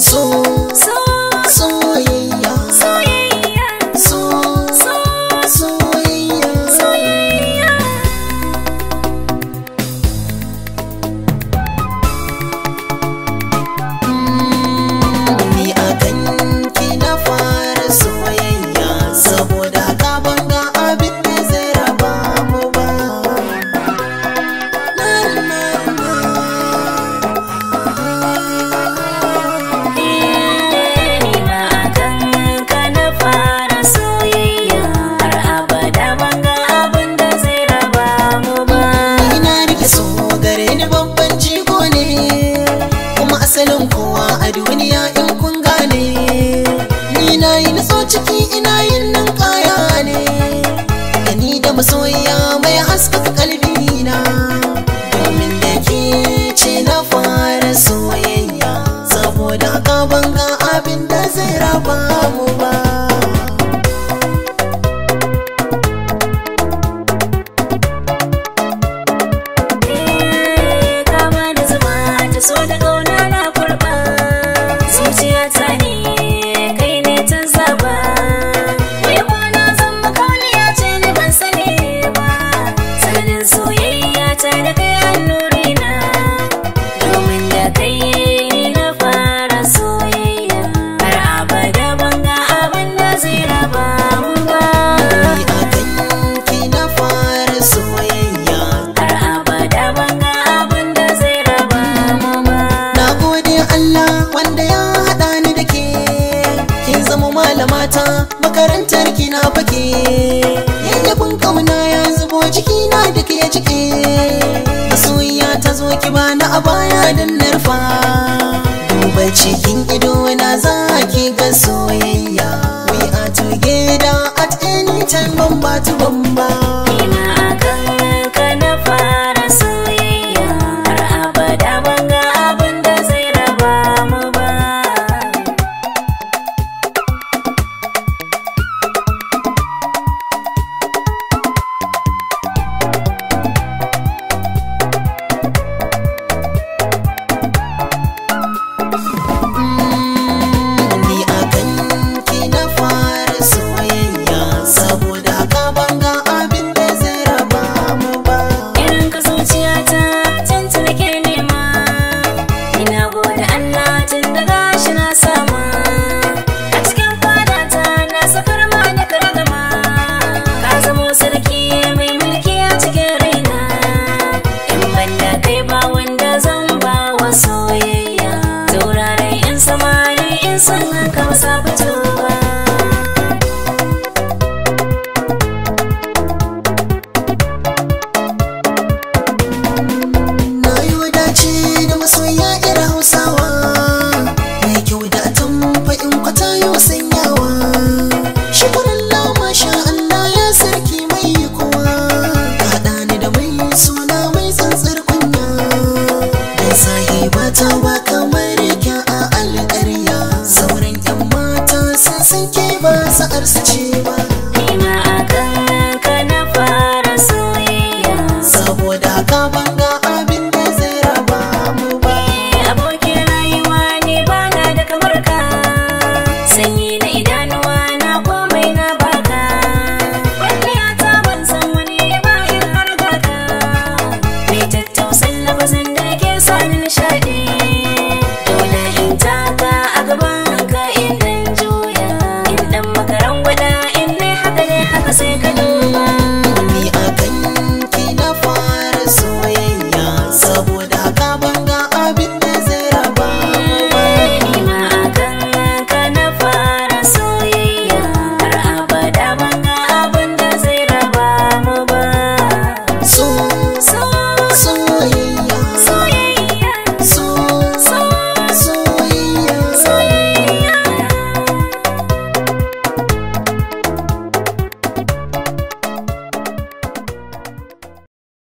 so so da ƙauna na kurɓa zuciya ta ne kai ne ta zaba wai kwana zan makauniya ce ni ban sani ba sanin soyayya ta da kai ta makarantar ki na fake yayyafin kauna ya zubo ciki na da ya cike soyayya ta zo ki bani a baya don narfa duba cikin ido na za ki ga soyayya we are together at any time to san ka wasa